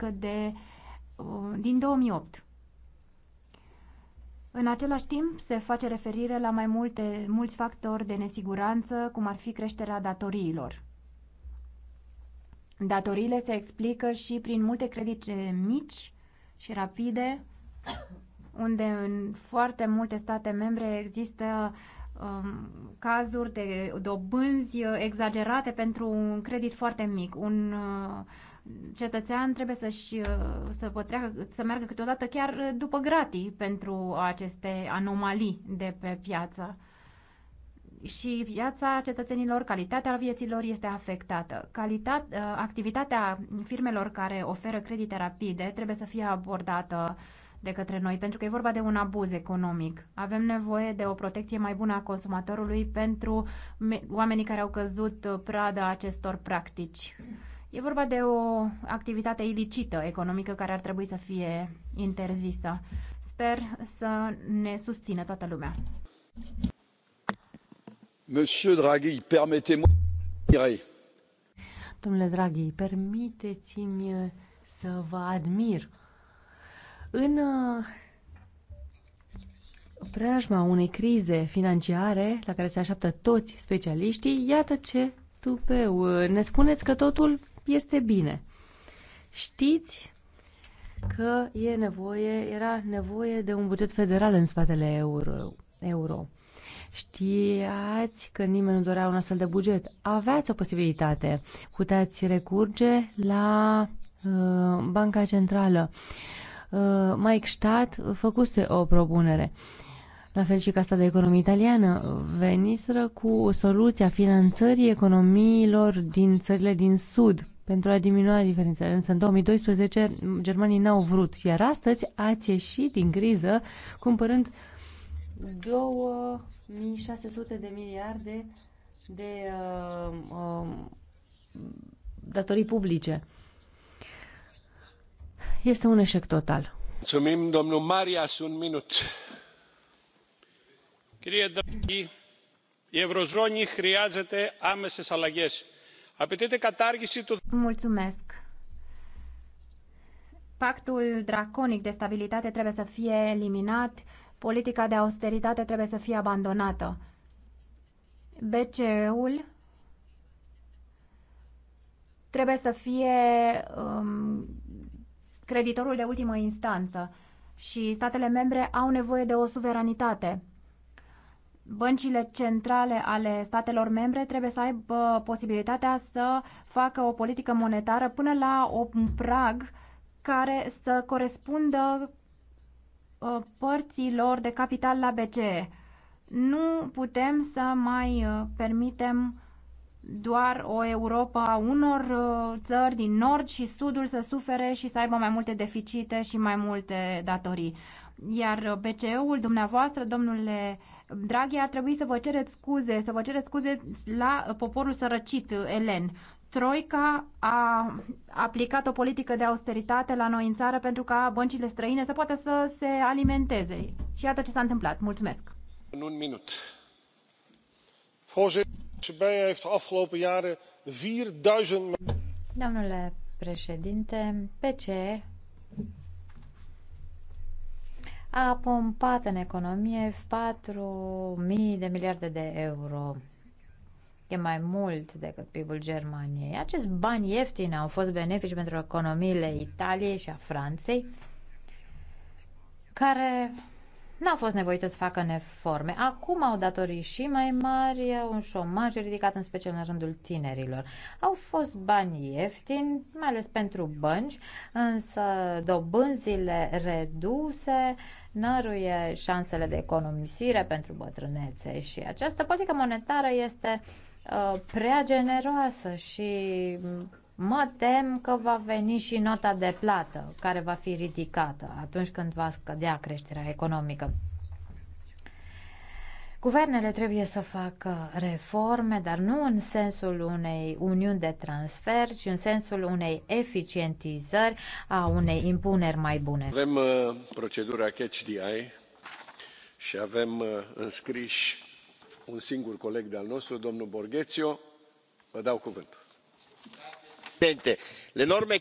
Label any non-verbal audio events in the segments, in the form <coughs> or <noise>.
de, uh, din 2008. În același timp, se face referire la mai multe, mulți factori de nesiguranță, cum ar fi creșterea datoriilor. Datoriile se explică și prin multe credite mici și rapide, unde în foarte multe state membre există um, cazuri de dobânzi uh, exagerate pentru un credit foarte mic. Un uh, cetățean trebuie să-și uh, să, potreacă, să meargă câteodată chiar după gratii pentru aceste anomalii de pe piață. Și viața cetățenilor, calitatea vieților este afectată. Calitate, uh, activitatea firmelor care oferă credite rapide trebuie să fie abordată de către noi, pentru că e vorba de un abuz economic. Avem nevoie de o protecție mai bună a consumatorului pentru oamenii care au căzut uh, prada acestor practici. E vorba de o activitate ilicită economică care ar trebui să fie interzisă. Sper să ne susțină toată lumea. Monsieur Draghi, permettez-moi Domnule Draghi, permiteți-mi uh, să vă admir. În uh, preajma unei crize financiare la care se așteaptă toți specialiștii, iată ce tupeu. Uh, ne spuneți că totul este bine. Știți că e nevoie, era nevoie de un buget federal în spatele euro. euro. Știați că nimeni nu dorea un astfel de buget. Aveați o posibilitate. Puteți recurge la uh, Banca Centrală. Uh, Mike Stat făcuse o propunere. La fel și ca asta de Economie Italiană veniseră cu soluția finanțării economiilor din țările din Sud pentru a diminua diferența. Însă în 2012 germanii n-au vrut, iar astăzi ați ieșit din criză cumpărând 2600 de miliarde de uh, uh, datorii publice. Este un eșec total. Mulțumim, domnul Marias, un minut. Κυρία Νταγκή, η Ευρωζώνη χρειάζεται άμεσες αλλαγές Mulțumesc. Pactul draconic de stabilitate trebuie să fie eliminat, politica de austeritate trebuie să fie abandonată. BCE-ul trebuie să fie um, creditorul de ultimă instanță și statele membre au nevoie de o suveranitate băncile centrale ale statelor membre trebuie să aibă posibilitatea să facă o politică monetară până la un prag care să corespundă ă, părților de capital la BCE. Nu putem să mai ă, permitem doar o Europa a unor ă, țări din nord și sudul să sufere și să aibă mai multe deficite și mai multe datorii. Iar BCE-ul dumneavoastră, domnule Draghi, ar trebui să vă cereți scuze, să vă cereți scuze la poporul sărăcit, elen. Troica a aplicat o politică de austeritate la noi în țară pentru ca băncile străine să poată să se alimenteze. Și iată ce s-a întâmplat. Mulțumesc. În un minut. Domnule președinte, PCE a pompat în economie 4.000 de miliarde de euro. E mai mult decât PIB-ul Germaniei. Acești bani ieftini au fost benefici pentru economiile Italiei și a Franței, care n-au fost nevoite să facă neforme. Acum au datorii și mai mari, un șomaj ridicat în special în rândul tinerilor. Au fost bani ieftini, mai ales pentru bănci, însă dobânzile reduse năruie șansele de economisire pentru bătrânețe și această politică monetară este uh, prea generoasă și Mă tem că va veni și nota de plată care va fi ridicată atunci când va scădea creșterea economică. Guvernele trebuie să facă reforme, dar nu în sensul unei uniuni de transfer, ci în sensul unei eficientizări a unei impuneri mai bune. Avem uh, procedura catch the eye și avem uh, înscriși un singur coleg de-al nostru, domnul Borghețiu. Vă dau cuvântul existente. L'enorme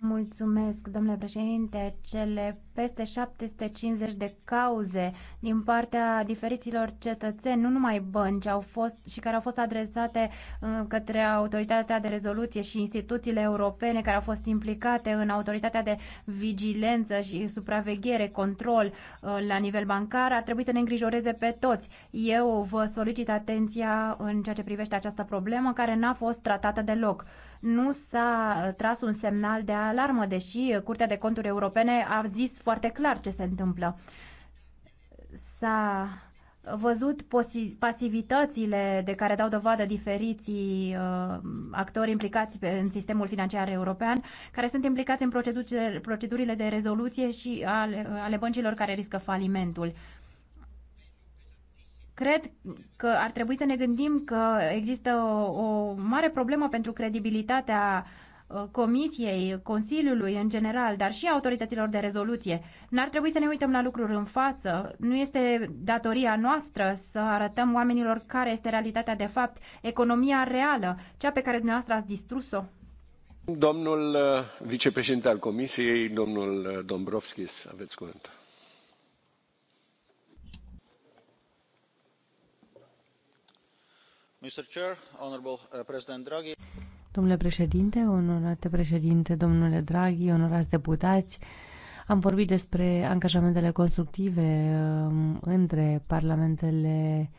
Mulțumesc, domnule președinte. Cele peste 750 de cauze din partea diferiților cetățeni, nu numai bănci, au fost și care au fost adresate uh, către autoritatea de rezoluție și instituțiile europene care au fost implicate în autoritatea de vigilență și supraveghere, control uh, la nivel bancar, ar trebui să ne îngrijoreze pe toți. Eu vă solicit atenția în ceea ce privește această problemă care n-a fost tratată deloc nu s-a tras un semnal de alarmă, deși Curtea de Conturi Europene a zis foarte clar ce se întâmplă. S-a văzut pasivitățile de care dau dovadă diferiții uh, actori implicați pe, în sistemul financiar european, care sunt implicați în procedurile de rezoluție și ale, ale băncilor care riscă falimentul. Cred că ar trebui să ne gândim că există o, o mare problemă pentru credibilitatea uh, Comisiei, Consiliului în general, dar și autorităților de rezoluție. N-ar trebui să ne uităm la lucruri în față. Nu este datoria noastră să arătăm oamenilor care este realitatea de fapt, economia reală, cea pe care dumneavoastră ați distrus-o? Domnul uh, vicepreședinte al Comisiei, domnul uh, Dombrovskis, aveți cuvânt. Mr. Chair, Honorable uh, President Draghi. Domnule președinte, onorate președinte, domnule Draghi, onorați deputați, am vorbit despre angajamentele constructive um, între parlamentele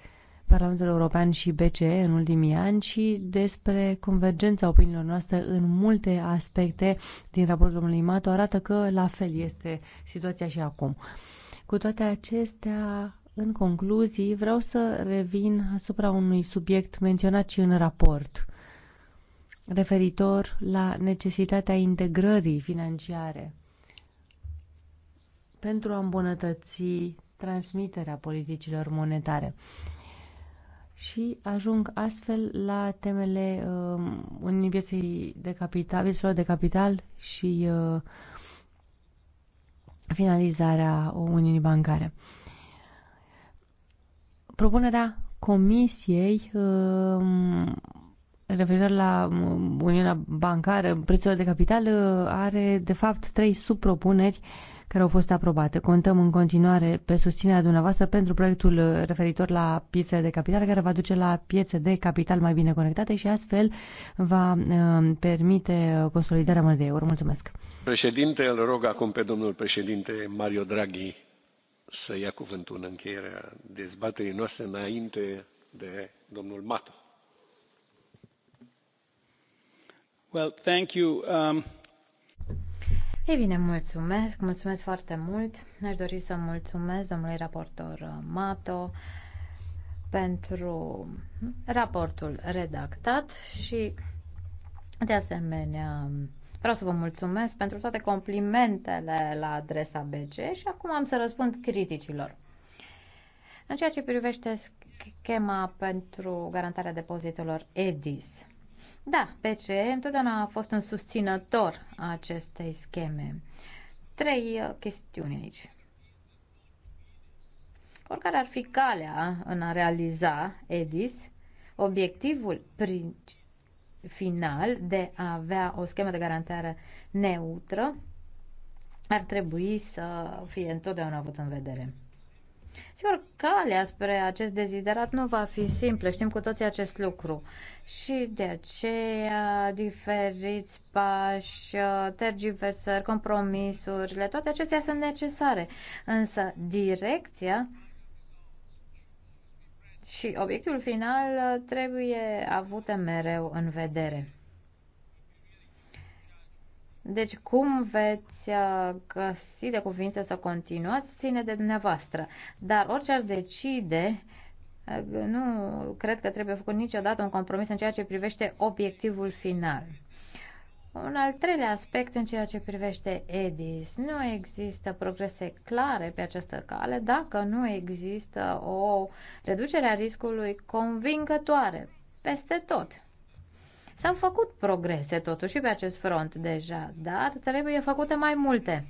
Parlamentul European și BCE în ultimii ani și despre convergența opiniilor noastre în multe aspecte din raportul domnului Mato arată că la fel este situația și acum. Cu toate acestea, în concluzii, vreau să revin asupra unui subiect menționat și în raport referitor la necesitatea integrării financiare pentru a îmbunătăți transmiterea politicilor monetare și ajung astfel la temele uh, um, unii vieții de capital, piețelor de capital și uh, finalizarea Uniunii Bancare. Propunerea Comisiei uh, referitor la Uniunea Bancară, prețul de capital uh, are, de fapt, trei subpropuneri care au fost aprobate. Contăm în continuare pe susținerea dumneavoastră pentru proiectul uh, referitor la piețe de capital, care va duce la piețe de capital mai bine conectate și astfel va uh, permite consolidarea monedei euro. Mulțumesc! Președinte, îl rog acum pe domnul președinte Mario Draghi să ia cuvântul în încheierea dezbaterii noastre înainte de domnul Mato. Well, thank you. Um... Ei bine, mulțumesc, mulțumesc foarte mult. Aș dori să mulțumesc domnului raportor uh, Mato pentru raportul redactat și, de asemenea, vreau să vă mulțumesc pentru toate complimentele la adresa BG și acum am să răspund criticilor. În ceea ce privește schema pentru garantarea depozitelor EDIS, da, BCE întotdeauna a fost un susținător a acestei scheme. Trei uh, chestiuni aici. Oricare ar fi calea în a realiza EDIS, obiectivul final de a avea o schemă de garantare neutră ar trebui să fie întotdeauna avut în vedere. Sigur, calea spre acest deziderat nu va fi simplă, știm cu toții acest lucru. Și de aceea, diferiți pași, tergiversări, compromisurile, toate acestea sunt necesare. Însă, direcția și obiectul final trebuie avute mereu în vedere. Deci cum veți uh, găsi de cuvință să continuați, ține de dumneavoastră. Dar orice ar decide, uh, nu cred că trebuie făcut niciodată un compromis în ceea ce privește obiectivul final. Un al treilea aspect în ceea ce privește EDIS. Nu există progrese clare pe această cale dacă nu există o reducere a riscului convingătoare peste tot. S-au făcut progrese totuși pe acest front deja, dar trebuie făcute mai multe.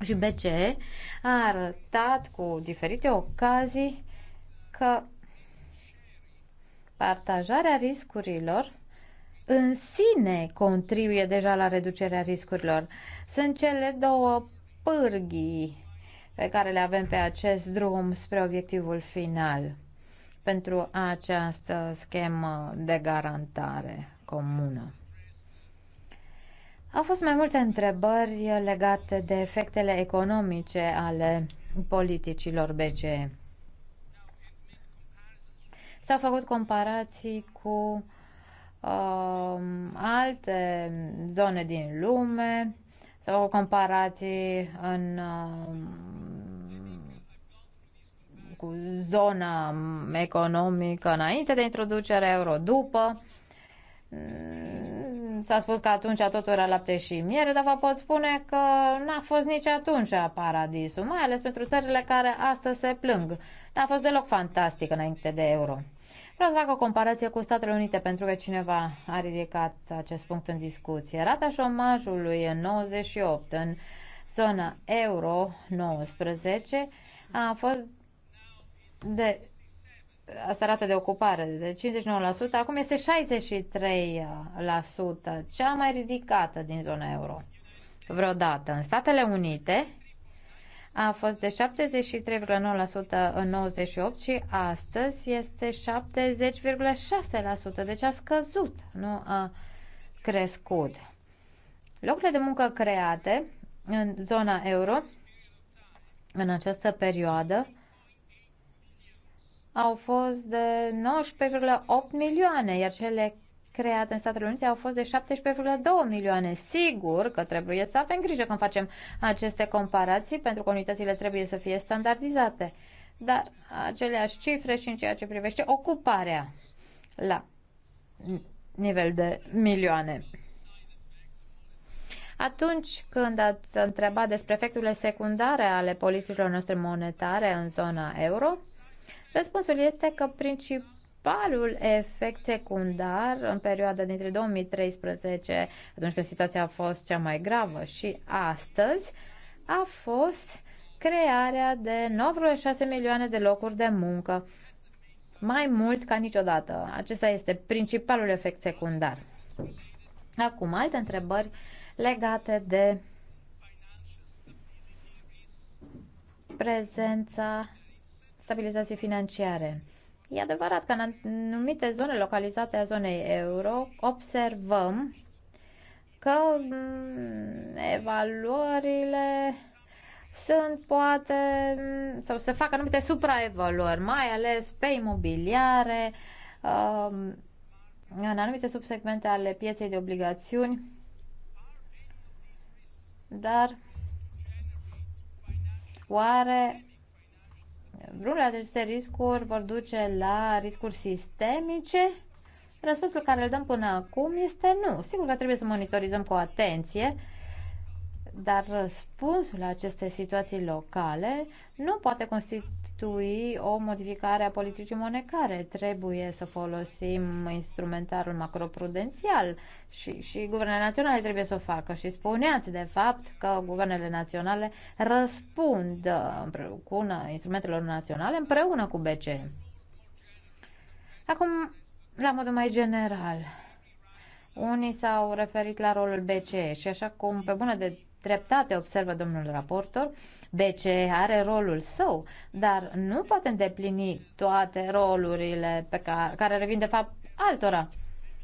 Și BCE a arătat cu diferite ocazii că partajarea riscurilor în sine contribuie deja la reducerea riscurilor. Sunt cele două pârghii pe care le avem pe acest drum spre obiectivul final pentru această schemă de garantare comună. Au fost mai multe întrebări legate de efectele economice ale politicilor BCE. S-au făcut comparații cu uh, alte zone din lume, sau comparații în uh, cu zona economică înainte de introducerea euro, după. Mm, s-a spus că atunci totul era lapte și miere, dar vă pot spune că n-a fost nici atunci paradisul, mai ales pentru țările care astăzi se plâng. N-a fost deloc fantastic înainte de euro. Vreau să fac o comparație cu Statele Unite, pentru că cineva a ridicat acest punct în discuție. Rata șomajului în 98 în zona euro 19 a fost de asta rată de ocupare de 59%, acum este 63%, cea mai ridicată din zona euro vreodată. În Statele Unite a fost de 73,9% în 98 și astăzi este 70,6%, deci a scăzut, nu a crescut. Locurile de muncă create în zona euro în această perioadă au fost de 19,8 milioane, iar cele create în Statele Unite au fost de 17,2 milioane. Sigur că trebuie să avem grijă când facem aceste comparații, pentru că unitățile trebuie să fie standardizate. Dar aceleași cifre și în ceea ce privește ocuparea la nivel de milioane. Atunci când ați întrebat despre efecturile secundare ale politicilor noastre monetare în zona euro, Răspunsul este că principalul efect secundar în perioada dintre 2013, atunci când situația a fost cea mai gravă, și astăzi, a fost crearea de 9,6 milioane de locuri de muncă, mai mult ca niciodată. Acesta este principalul efect secundar. Acum, alte întrebări legate de prezența stabilității financiare. E adevărat că în anumite zone localizate a zonei euro observăm că mm, evaluările sunt poate mm, sau se fac anumite supraevaluări, mai ales pe imobiliare, um, în anumite subsegmente ale pieței de obligațiuni, dar oare rule, aceste riscuri vor duce la riscuri sistemice? Răspunsul care îl dăm până acum este nu. Sigur că trebuie să monitorizăm cu atenție dar răspunsul la aceste situații locale nu poate constitui o modificare a politicii monetare. Trebuie să folosim instrumentarul macroprudențial și, și guvernele naționale trebuie să o facă. Și spuneați, de fapt, că guvernele naționale răspund cu instrumentelor naționale împreună cu BCE. Acum, la modul mai general, unii s-au referit la rolul BCE și așa cum pe bună de dreptate, observă domnul raportor, BCE are rolul său, dar nu poate îndeplini toate rolurile pe care, care revin de fapt altora.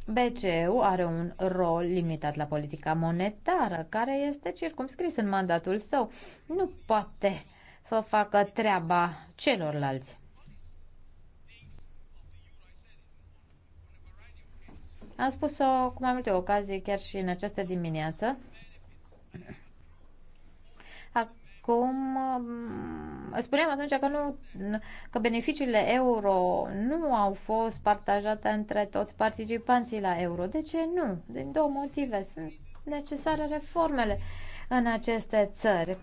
BCE-ul are un rol limitat la politica monetară, care este circumscris în mandatul său. Nu poate să facă treaba celorlalți. Am spus-o cu mai multe ocazii, chiar și în această dimineață cum um, spuneam atunci că, nu, că beneficiile euro nu au fost partajate între toți participanții la euro. De ce nu? Din două motive. Sunt necesare reformele în aceste țări.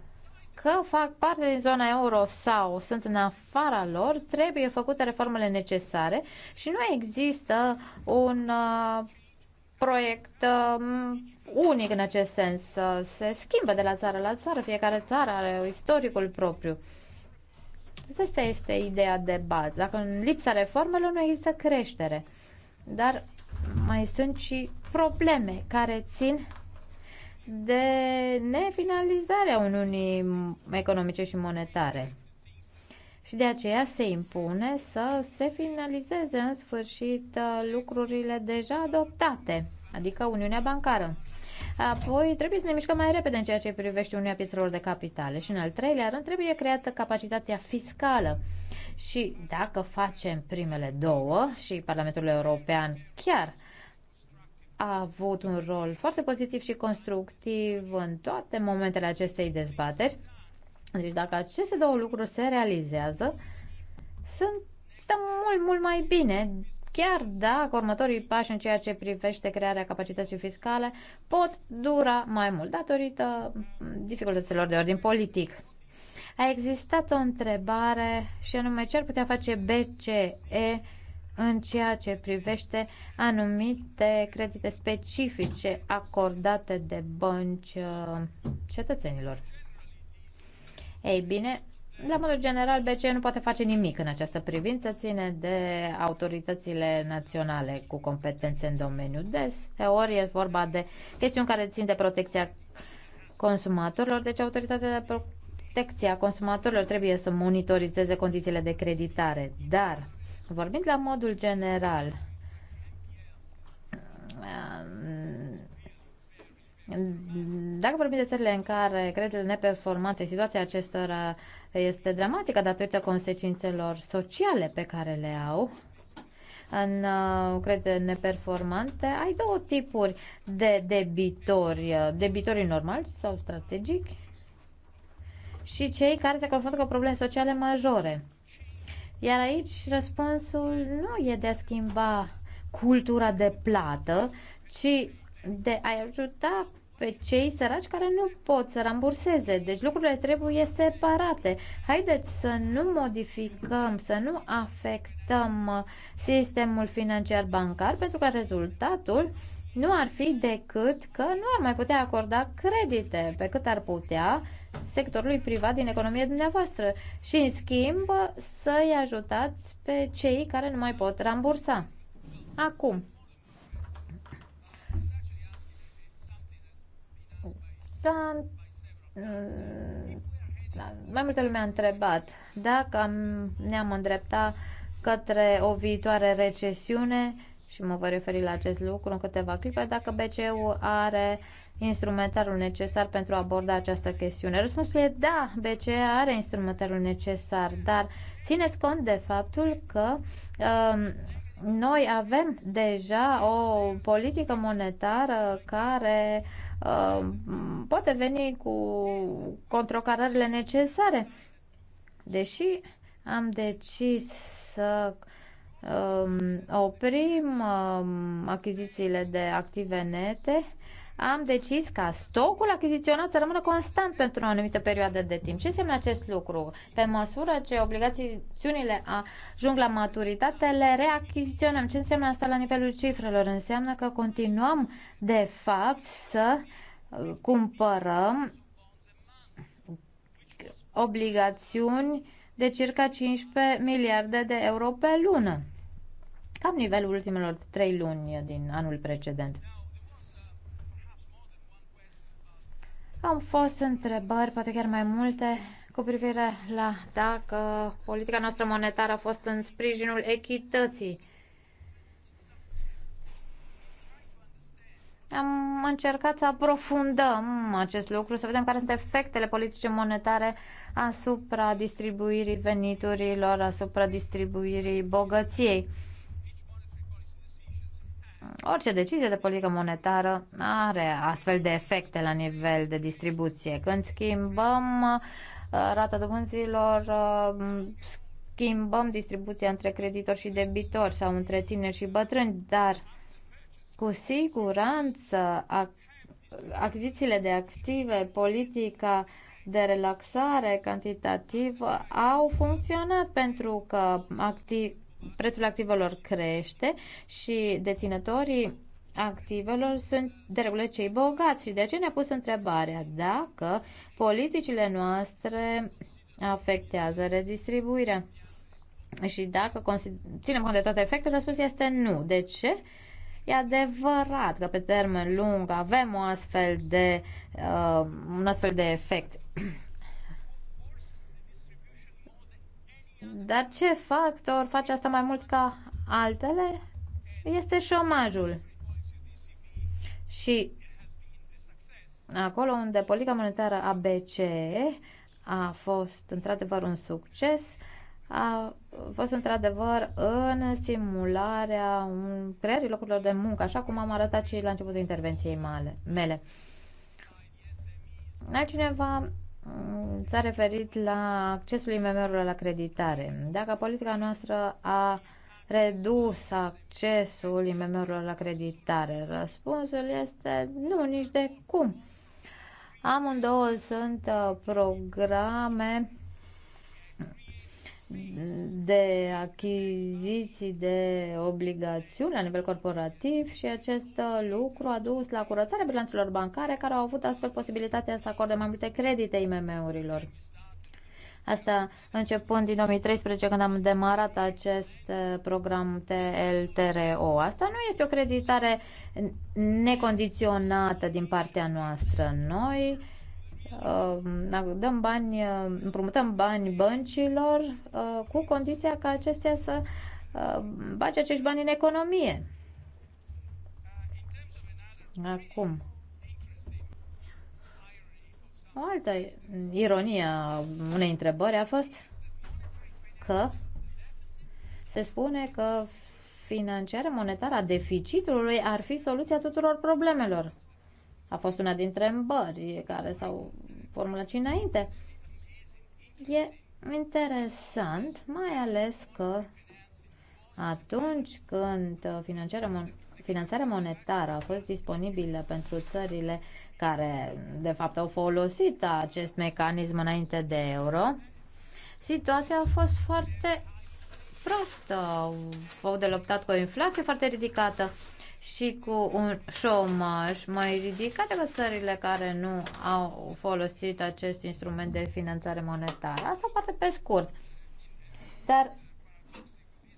Că fac parte din zona euro sau sunt în afara lor, trebuie făcute reformele necesare și nu există un uh, proiect um, unic în acest sens. Uh, se schimbă de la țară la țară, fiecare țară are istoricul propriu. Asta este ideea de bază. Dacă în lipsa reformelor nu există creștere. Dar mai sunt și probleme care țin de nefinalizarea Uniunii Economice și Monetare și de aceea se impune să se finalizeze în sfârșit uh, lucrurile deja adoptate, adică Uniunea Bancară. Apoi trebuie să ne mișcăm mai repede în ceea ce privește Uniunea Piețelor de Capitale și în al treilea rând trebuie creată capacitatea fiscală. Și dacă facem primele două și Parlamentul European chiar a avut un rol foarte pozitiv și constructiv în toate momentele acestei dezbateri, deci dacă aceste două lucruri se realizează, sunt stăm mult, mult mai bine, chiar dacă următorii pași în ceea ce privește crearea capacității fiscale pot dura mai mult, datorită dificultăților de ordin politic. A existat o întrebare și anume ce ar putea face BCE în ceea ce privește anumite credite specifice acordate de bănci uh, cetățenilor. Ei bine, la modul general, BCE nu poate face nimic în această privință, ține de autoritățile naționale cu competențe în domeniu. ori e vorba de chestiuni care țin de protecția consumatorilor, deci autoritatea de protecție consumatorilor trebuie să monitorizeze condițiile de creditare. Dar, vorbind la modul general, dacă vorbim de țările în care creditele neperformante, situația acestora este dramatică datorită consecințelor sociale pe care le au, în uh, credite neperformante, ai două tipuri de debitori, uh, debitorii normali sau strategici și cei care se confruntă cu probleme sociale majore. Iar aici răspunsul nu e de a schimba cultura de plată, ci de a ajuta pe cei săraci care nu pot să ramburseze. Deci lucrurile trebuie separate. Haideți să nu modificăm, să nu afectăm uh, sistemul financiar bancar, pentru că rezultatul nu ar fi decât că nu ar mai putea acorda credite pe cât ar putea sectorului privat din economie dumneavoastră și, în schimb, să-i ajutați pe cei care nu mai pot rambursa. Acum, Da, mai multă lume a întrebat dacă am, ne-am îndreptat către o viitoare recesiune și mă voi referi la acest lucru în câteva clipe, dacă BCE-ul are instrumentarul necesar pentru a aborda această chestiune. Răspunsul e da, BCE are instrumentarul necesar, dar țineți cont de faptul că um, noi avem deja o politică monetară care uh, poate veni cu controcarările necesare. Deși am decis să um, oprim um, achizițiile de active nete, am decis ca stocul achiziționat să rămână constant pentru o anumită perioadă de timp. Ce înseamnă acest lucru? Pe măsură ce obligațiunile ajung la maturitate, le reachiziționăm. Ce înseamnă asta la nivelul cifrelor? Înseamnă că continuăm, de fapt, să uh, cumpărăm obligațiuni de circa 15 miliarde de euro pe lună, cam nivelul ultimelor trei luni din anul precedent. Au fost întrebări, poate chiar mai multe, cu privire la dacă politica noastră monetară a fost în sprijinul echității. Am încercat să aprofundăm acest lucru, să vedem care sunt efectele politicii monetare asupra distribuirii veniturilor, asupra distribuirii bogăției. Orice decizie de politică monetară are astfel de efecte la nivel de distribuție. Când schimbăm uh, rata dobânzilor, uh, schimbăm distribuția între creditori și debitori sau între tineri și bătrâni, dar cu siguranță achizițiile de active, politica de relaxare cantitativă au funcționat pentru că activ prețul activelor crește și deținătorii activelor sunt de regulă cei bogați și de aceea ne-a pus întrebarea dacă politicile noastre afectează redistribuirea. Și dacă ținem cont de toate efectele, răspunsul este nu. De ce? E adevărat că pe termen lung avem o astfel de, uh, un astfel de efect Dar ce factor face asta mai mult ca altele este șomajul. Și acolo unde politica monetară a a fost într-adevăr un succes, a fost într-adevăr în stimularea creării locurilor de muncă, așa cum am arătat și la începutul intervenției mele. Altcineva s-a referit la accesul IMM-urilor la creditare. Dacă politica noastră a redus accesul IMM-urilor la creditare, răspunsul este nu, nici de cum. Amândouă sunt uh, programe de achiziții de obligațiuni la nivel corporativ și acest lucru a dus la curățarea bilanțelor bancare care au avut astfel posibilitatea să acorde mai multe credite IMM-urilor. Asta începând din 2013 când am demarat acest uh, program TLTRO. Asta nu este o creditare necondiționată din partea noastră. Noi Uh, dăm bani, uh, împrumutăm bani băncilor uh, cu condiția ca acestea să bage acești bani în economie. Acum. O altă ironie a unei întrebări a fost că se spune că finanțarea monetară a deficitului ar fi soluția tuturor problemelor a fost una dintre întrebări care s-au formulat și înainte. E interesant, mai ales că atunci când finanțarea, mon- finanțarea monetară a fost disponibilă pentru țările care, de fapt, au folosit acest mecanism înainte de euro, situația a fost foarte prostă. Au de luptat cu o inflație foarte ridicată și cu un șomaj mai ridicat decât țările care nu au folosit acest instrument de finanțare monetară. Asta poate pe scurt. Dar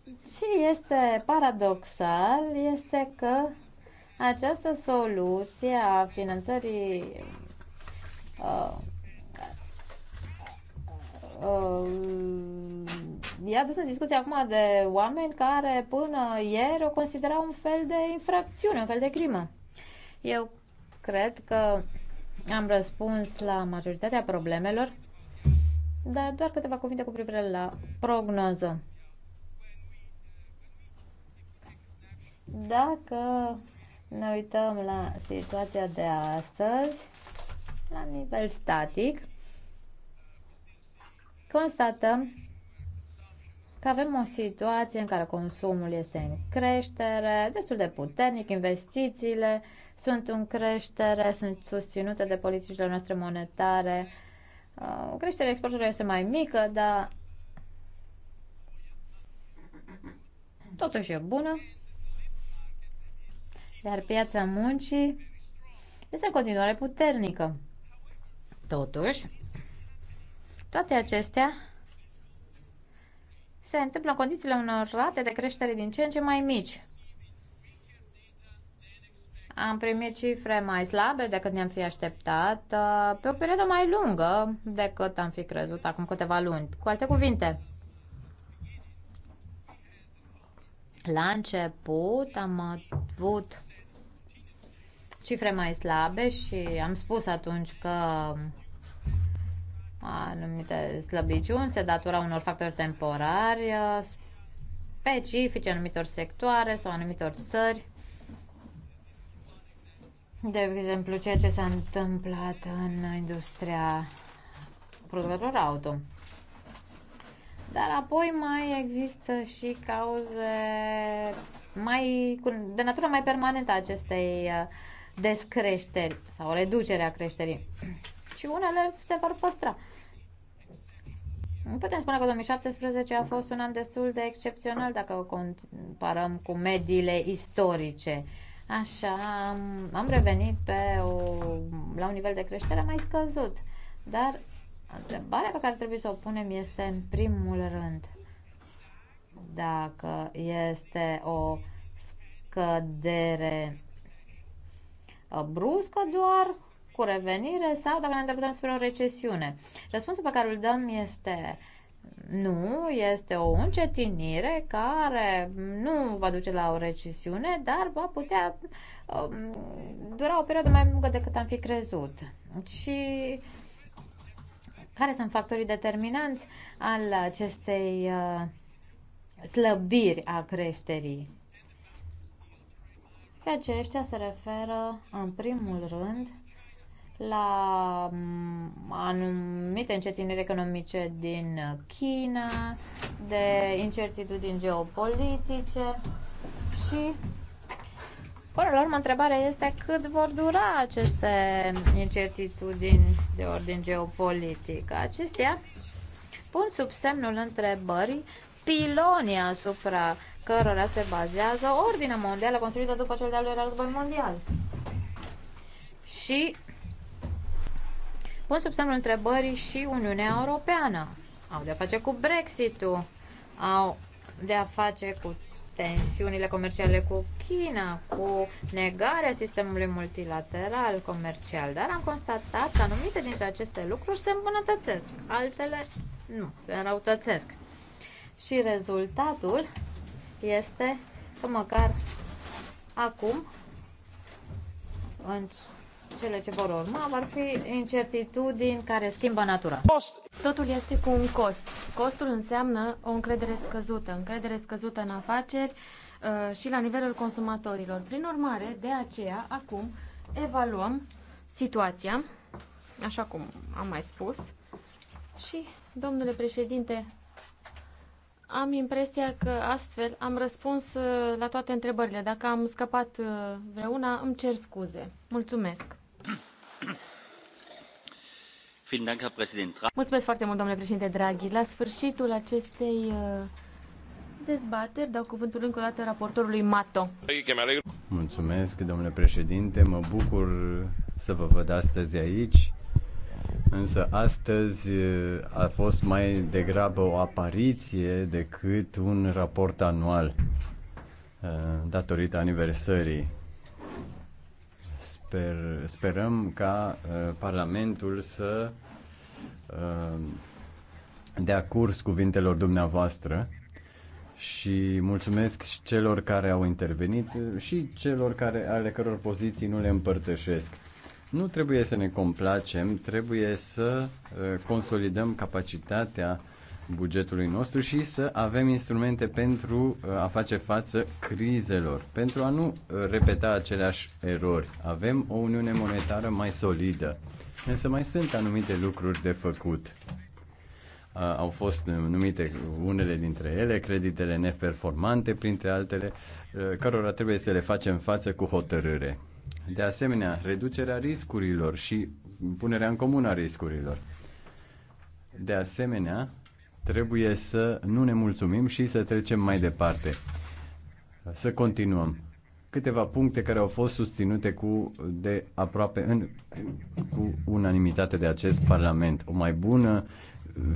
și este paradoxal este că această soluție a finanțării uh, e adus în discuție acum de oameni care până ieri o considerau un fel de infracțiune, un fel de crimă. Eu cred că am răspuns la majoritatea problemelor, dar doar câteva cuvinte cu privire la prognoză. Dacă ne uităm la situația de astăzi, la nivel static, constatăm că avem o situație în care consumul este în creștere, destul de puternic, investițiile sunt în creștere, sunt susținute de politicile noastre monetare. Uh, creșterea exporturilor este mai mică, dar totuși e bună. Iar piața muncii este în continuare puternică. Totuși, toate acestea se întâmplă în condițiile unor rate de creștere din ce în ce mai mici. Am primit cifre mai slabe decât ne-am fi așteptat, uh, pe o perioadă mai lungă decât am fi crezut acum câteva luni. Cu alte cuvinte, la început am avut cifre mai slabe și am spus atunci că Anumite slăbiciuni se datora unor factori temporari uh, specifice anumitor sectoare sau anumitor țări. De exemplu, ceea ce s-a întâmplat în industria producător auto. Dar apoi mai există și cauze mai, de natură mai permanentă a acestei uh, descreșteri sau reducerea creșterii și unele se vor păstra. Putem spune că 2017 a fost un an destul de excepțional dacă o comparăm cu mediile istorice. Așa, am revenit pe o, la un nivel de creștere mai scăzut. Dar întrebarea pe care trebuie să o punem este, în primul rând, dacă este o scădere bruscă doar cu revenire sau dacă ne îndreptăm spre o recesiune. Răspunsul pe care îl dăm este nu, este o încetinire care nu va duce la o recesiune, dar va putea um, dura o perioadă mai lungă decât am fi crezut. Și care sunt factorii determinanți al acestei uh, slăbiri a creșterii? Și aceștia se referă, în primul rând, la mm, anumite încetiniri economice din China, de incertitudini geopolitice și Până la urmă, întrebarea este cât vor dura aceste incertitudini de ordin geopolitic. Acestea pun sub semnul întrebării pilonii asupra cărora se bazează ordinea mondială construită după cel de-al doilea război mondial. Și pun sub semnul întrebării și Uniunea Europeană. Au de-a face cu Brexit-ul, au de-a face cu tensiunile comerciale cu China, cu negarea sistemului multilateral comercial, dar am constatat că anumite dintre aceste lucruri se îmbunătățesc, altele nu, se înrăutățesc. Și rezultatul este că măcar acum, cele ce vor urma vor fi incertitudini care schimbă natura. Cost. Totul este cu un cost. Costul înseamnă o încredere scăzută, încredere scăzută în afaceri uh, și la nivelul consumatorilor. Prin urmare, de aceea, acum evaluăm situația, așa cum am mai spus, și, domnule președinte, am impresia că astfel am răspuns uh, la toate întrebările. Dacă am scăpat uh, vreuna, îmi cer scuze. Mulțumesc. Mulțumesc foarte mult, domnule președinte Draghi. La sfârșitul acestei uh, dezbateri dau cuvântul încă o dată raportorului Mato. Mulțumesc, domnule președinte. Mă bucur să vă văd astăzi aici. Însă astăzi uh, a fost mai degrabă o apariție decât un raport anual uh, datorită aniversării Sper, sperăm ca uh, Parlamentul să uh, dea curs cuvintelor dumneavoastră și mulțumesc și celor care au intervenit și celor care, ale căror poziții nu le împărtășesc. Nu trebuie să ne complacem, trebuie să uh, consolidăm capacitatea bugetului nostru și să avem instrumente pentru uh, a face față crizelor, pentru a nu uh, repeta aceleași erori. Avem o uniune monetară mai solidă, însă mai sunt anumite lucruri de făcut. Au fost uh, numite unele dintre ele, creditele neperformante, printre altele, cărora trebuie să le facem față cu hotărâre. De asemenea, reducerea riscurilor și punerea în comun a riscurilor. De asemenea, Trebuie să nu ne mulțumim și să trecem mai departe. Să continuăm. Câteva puncte care au fost susținute cu de aproape în, cu unanimitate de acest Parlament. O mai bună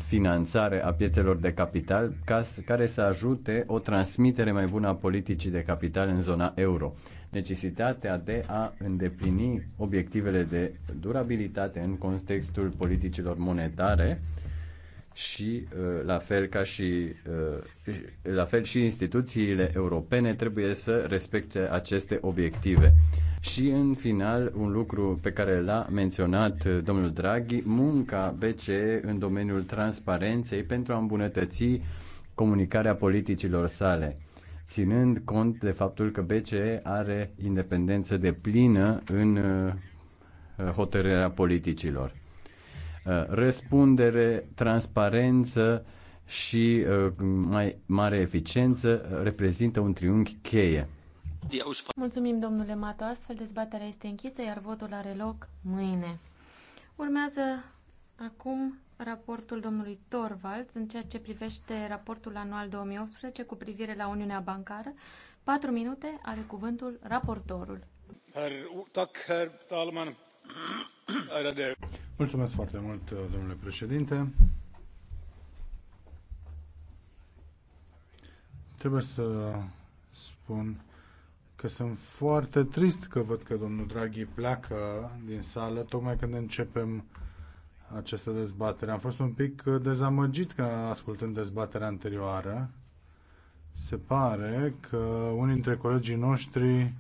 finanțare a piețelor de capital ca, care să ajute o transmitere mai bună a politicii de capital în zona euro. Necesitatea de a îndeplini obiectivele de durabilitate în contextul politicilor monetare și uh, la fel ca și uh, la fel și instituțiile europene trebuie să respecte aceste obiective. Și în final, un lucru pe care l-a menționat uh, domnul Draghi, munca BCE în domeniul transparenței pentru a îmbunătăți comunicarea politicilor sale, ținând cont de faptul că BCE are independență de plină în hotărârea politicilor Uh, răspundere, transparență și uh, mai mare eficiență uh, reprezintă un triunghi cheie. Mulțumim, domnule Mato. Astfel, dezbaterea este închisă, iar votul are loc mâine. Urmează acum raportul domnului Torvalds în ceea ce privește raportul anual 2018 cu privire la Uniunea Bancară. Patru minute are cuvântul raportorul. Herr, tak, herr Talman. Mulțumesc foarte mult, domnule președinte. Trebuie să spun că sunt foarte trist că văd că domnul Draghi pleacă din sală tocmai când începem această dezbatere. Am fost un pic dezamăgit când ascultând dezbaterea anterioară. Se pare că unii dintre colegii noștri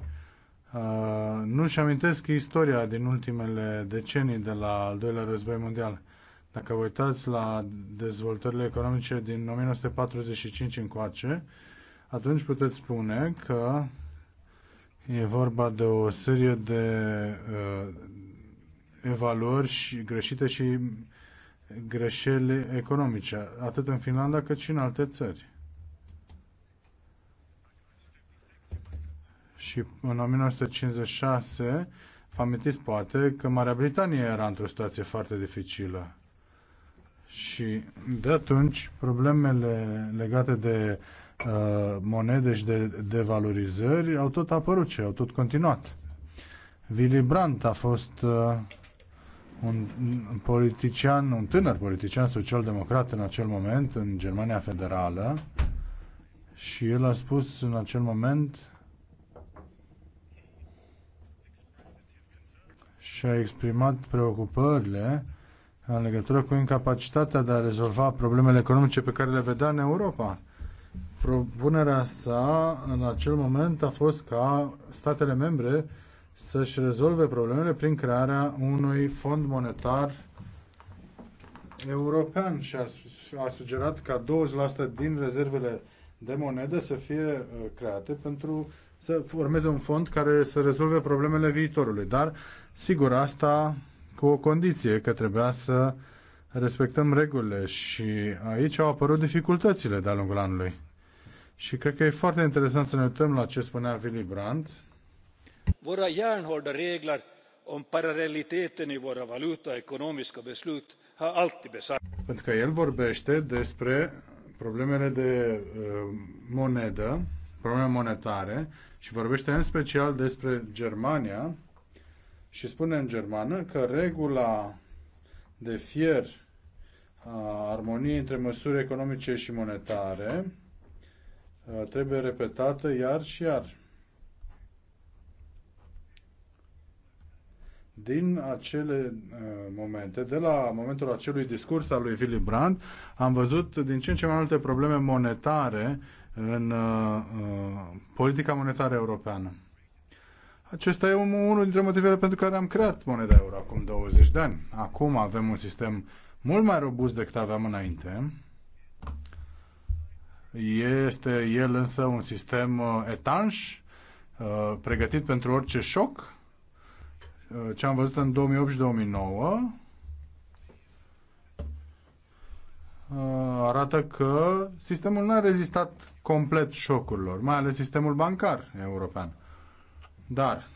Uh, nu-și amintesc istoria din ultimele decenii de la al doilea război mondial. Dacă vă uitați la dezvoltările economice din 1945 încoace, atunci puteți spune că e vorba de o serie de uh, evaluări și greșite și greșeli economice, atât în Finlanda cât și în alte țări. și în 1956 vă amintiți poate că Marea Britanie era într-o situație foarte dificilă. Și de atunci problemele legate de uh, monede și de devalorizări au tot apărut și au tot continuat. Willy Brandt a fost uh, un politician, un tânăr politician social-democrat în acel moment în Germania Federală și el a spus în acel moment și a exprimat preocupările în legătură cu incapacitatea de a rezolva problemele economice pe care le vedea în Europa. Propunerea sa în acel moment a fost ca statele membre să-și rezolve problemele prin crearea unui fond monetar european și a, sugerat ca 20% din rezervele de monedă să fie uh, create pentru să formeze un fond care să rezolve problemele viitorului. Dar Sigur, asta cu o condiție, că trebuia să respectăm regulile și aici au apărut dificultățile de-a lungul anului. Și cred că e foarte interesant să ne uităm la ce spunea Willy Brandt. Våra järnhårda regler om parallelliteten i våra valuta ekonomiska beslut har alltid besagt. Pentru că el vorbește despre problemele de uh, monedă, probleme monetare și vorbește în special despre Germania, și spune în germană că regula de fier a armoniei între măsuri economice și monetare uh, trebuie repetată iar și iar. din acele uh, momente, de la momentul acelui discurs al lui Willy Brandt, am văzut din ce în ce mai multe probleme monetare în uh, uh politica monetară europeană. Acesta e unul dintre motivele pentru care am creat moneda euro acum 20 de ani. Acum avem un sistem mult mai robust decât aveam înainte. Este el însă un sistem uh, etanș, uh, pregătit pentru orice șoc. Uh, ce am văzut în 2008 2009 arată că sistemul nu a rezistat complet șocurilor, mai ales sistemul bancar european. Dar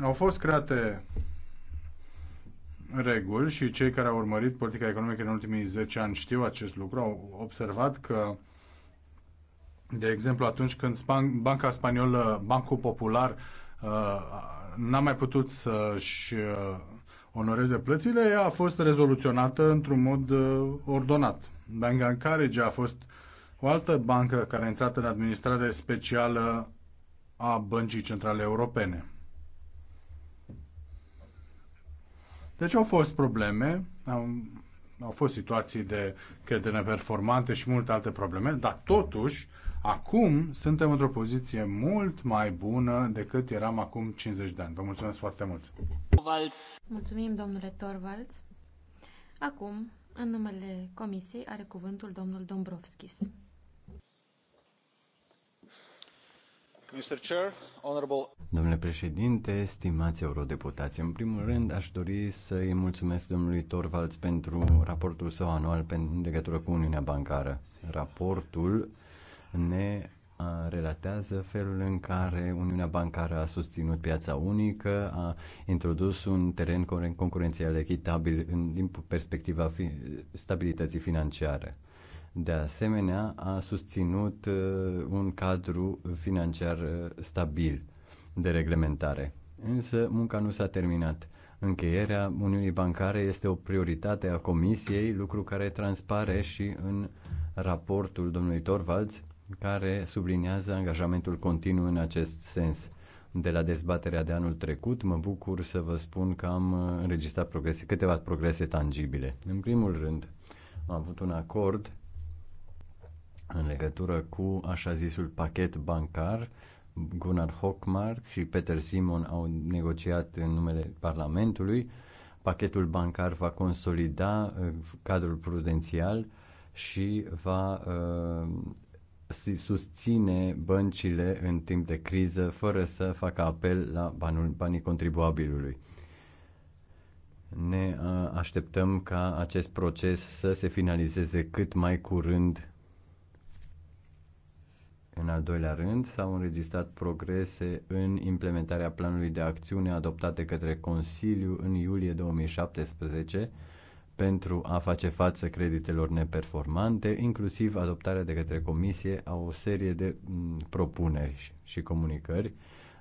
au fost create reguli și cei care au urmărit politica economică în ultimii 10 ani știu acest lucru, au observat că de exemplu, atunci când Banca Spaniolă, Bancul Popular, uh, n-a mai putut să-și uh, onoreze plățile, ea a fost rezoluționată într-un mod uh, ordonat. Banca Carige a fost o altă bancă care a intrat în administrare specială a Băncii Centrale Europene. Deci au fost probleme, au, au fost situații de credere neperformante și multe alte probleme, dar totuși, acum suntem într-o poziție mult mai bună decât eram acum 50 de ani. Vă mulțumesc foarte mult! Mulțumim, domnule Torvalds. Acum, în numele Comisiei, are cuvântul domnul Dombrovskis. Domnule președinte, stimați eurodeputați, în primul rând aș dori să îi mulțumesc domnului Torvalds pentru raportul său anual în legătură cu Uniunea Bancară. Raportul ne relatează felul în care Uniunea Bancară a susținut piața unică, a introdus un teren concurențial echitabil în, din perspectiva fi, stabilității financiare de asemenea, a susținut uh, un cadru financiar uh, stabil de reglementare. Însă, munca nu s-a terminat. Încheierea Uniunii Bancare este o prioritate a Comisiei, lucru care transpare și în raportul domnului Torvalds, care subliniază angajamentul continuu în acest sens. De la dezbaterea de anul trecut, mă bucur să vă spun că am uh, înregistrat progrese, câteva progrese tangibile. În primul rând, am avut un acord în legătură cu așa zisul pachet bancar. Gunnar Hockmark și Peter Simon au negociat în numele Parlamentului. Pachetul bancar va consolida uh, cadrul prudențial și va uh, susține băncile în timp de criză fără să facă apel la banul, banii contribuabilului. Ne uh, așteptăm ca acest proces să se finalizeze cât mai curând în al doilea rând, s-au înregistrat progrese în implementarea planului de acțiune adoptat de către Consiliu în iulie 2017 pentru a face față creditelor neperformante, inclusiv adoptarea de către Comisie a o serie de propuneri și comunicări.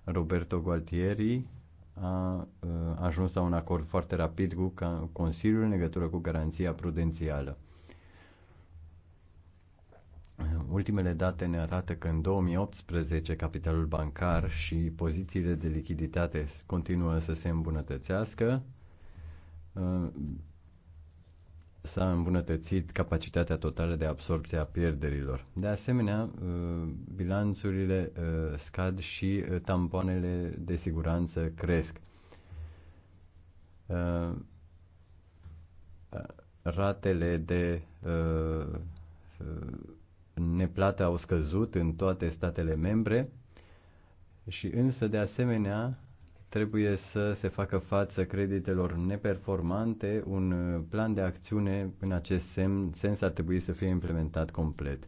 Roberto Gualtieri a ă, ajuns la un acord foarte rapid cu Consiliul în legătură cu garanția prudențială Ultimele date ne arată că în 2018 capitalul bancar și pozițiile de lichiditate continuă să se îmbunătățească. Uh, s-a îmbunătățit capacitatea totală de absorpție a pierderilor. De asemenea, uh, bilanțurile uh, scad și tampoanele de siguranță cresc ratele de uh, uh, neplata au scăzut în toate statele membre și însă de asemenea trebuie să se facă față creditelor neperformante, un uh, plan de acțiune în acest sens ar trebui să fie implementat complet.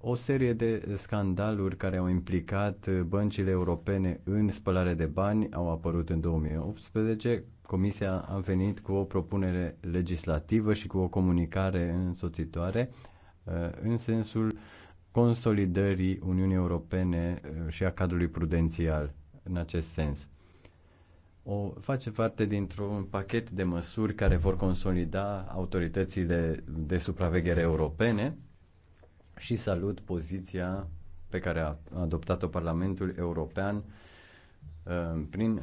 O serie de scandaluri care au implicat uh, băncile europene în spălare de bani au apărut în 2018. Comisia a venit cu o propunere legislativă și cu o comunicare însoțitoare în sensul consolidării Uniunii Europene uh, și a cadrului prudențial în acest sens. O face parte dintr-un pachet de măsuri care vor consolida autoritățile de supraveghere europene și salut poziția pe care a adoptat-o Parlamentul European uh, prin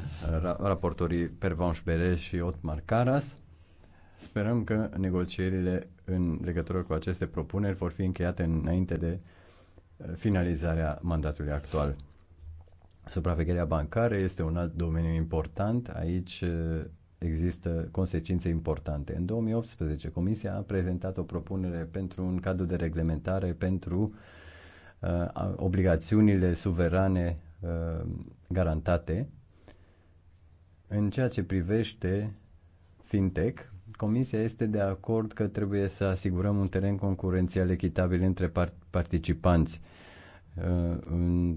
raportorii Pervanș Berez și Otmar Caras Sperăm că negocierile în legătură cu aceste propuneri vor fi încheiate înainte de uh, finalizarea mandatului actual. Supravegherea bancară este un alt domeniu important. Aici uh, există consecințe importante. În 2018, Comisia a prezentat o propunere pentru un cadru de reglementare pentru uh, obligațiunile suverane uh, garantate. În ceea ce privește fintech, Comisia este de acord că trebuie să asigurăm un teren concurențial echitabil între participanți uh, în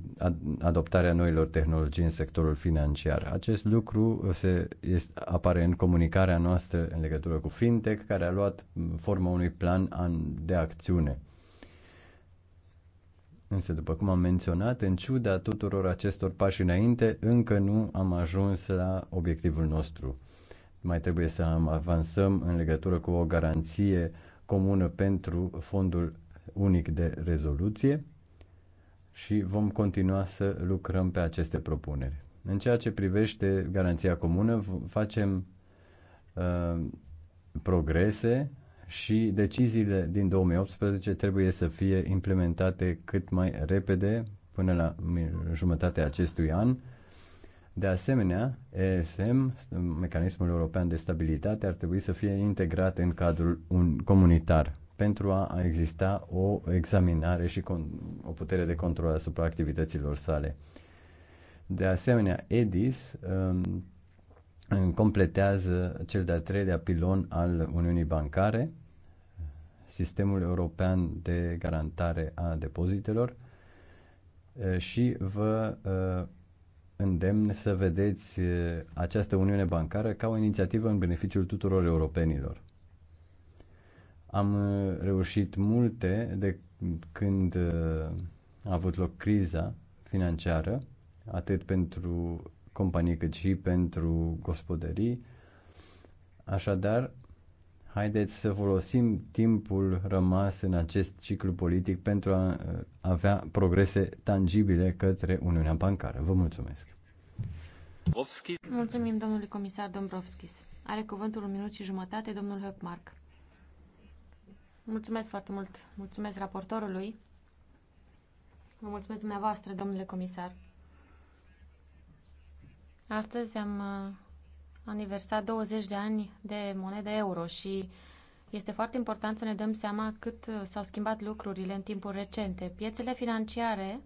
adoptarea noilor tehnologii în sectorul financiar. Acest lucru se, este, apare în comunicarea noastră în legătură cu FinTech, care a luat forma unui plan de acțiune. Însă, după cum am menționat, în ciuda tuturor acestor pași înainte, încă nu am ajuns la obiectivul nostru. Mai trebuie să avansăm în legătură cu o garanție comună pentru fondul unic de rezoluție și vom continua să lucrăm pe aceste propuneri. În ceea ce privește garanția comună, facem uh, progrese și deciziile din 2018 trebuie să fie implementate cât mai repede până la jumătatea acestui an de asemenea, ESM, Mecanismul European de Stabilitate, ar trebui să fie integrat în cadrul un, comunitar pentru a exista o examinare și con, o putere de control asupra activităților sale. De asemenea, EDIS um, completează cel de-al treilea pilon al Uniunii Bancare, Sistemul European de Garantare a Depozitelor, uh, și vă uh, îndemn să vedeți această uniune bancară ca o inițiativă în beneficiul tuturor europenilor. Am reușit multe de când a avut loc criza financiară, atât pentru companii cât și pentru gospodării. Așadar, Haideți să folosim timpul rămas în acest ciclu politic pentru a avea progrese tangibile către Uniunea Bancară. Vă mulțumesc! Mulțumim domnului comisar Dombrovskis. Are cuvântul un minut și jumătate domnul Höckmark. Mulțumesc foarte mult. Mulțumesc raportorului. Vă mulțumesc dumneavoastră, domnule comisar. Astăzi am aniversat 20 de ani de monedă euro și este foarte important să ne dăm seama cât s-au schimbat lucrurile în timpul recente. Piețele financiare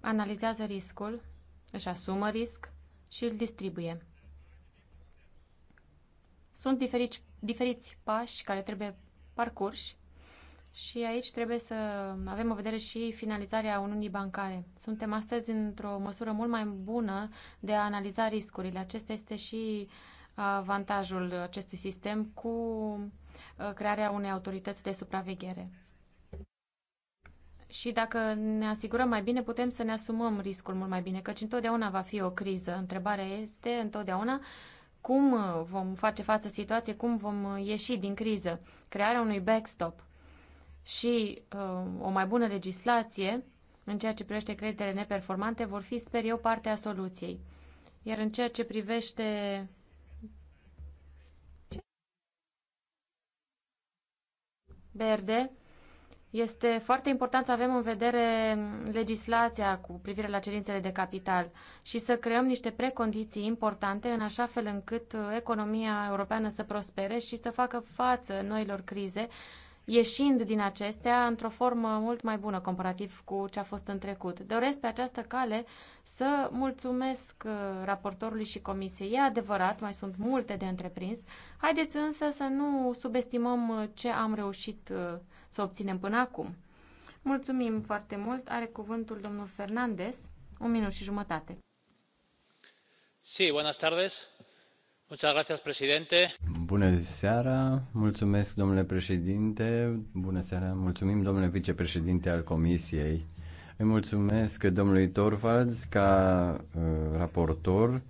analizează riscul, își asumă risc și îl distribuie. Sunt diferiți, diferiți pași care trebuie parcurși și aici trebuie să avem în vedere și finalizarea Uniunii Bancare. Suntem astăzi într-o măsură mult mai bună de a analiza riscurile. Acesta este și avantajul acestui sistem cu crearea unei autorități de supraveghere. Și dacă ne asigurăm mai bine, putem să ne asumăm riscul mult mai bine, căci întotdeauna va fi o criză. Întrebarea este întotdeauna cum vom face față situației, cum vom ieși din criză. Crearea unui backstop și uh, o mai bună legislație în ceea ce privește creditele neperformante vor fi, sper eu, parte a soluției. Iar în ceea ce privește BRD, este foarte important să avem în vedere legislația cu privire la cerințele de capital și să creăm niște precondiții importante în așa fel încât uh, economia europeană să prospere și să facă față noilor crize ieșind din acestea într-o formă mult mai bună comparativ cu ce a fost în trecut. Doresc pe această cale să mulțumesc uh, raportorului și comisiei. E adevărat, mai sunt multe de întreprins. Haideți însă să nu subestimăm uh, ce am reușit uh, să obținem până acum. Mulțumim foarte mult. Are cuvântul domnul Fernandez. Un minut și jumătate. Sí, buenas tardes. Bună seara, mulțumesc domnule președinte, bună seara, mulțumim domnule vicepreședinte al Comisiei. Îi mulțumesc domnului Torvalds ca uh, raportor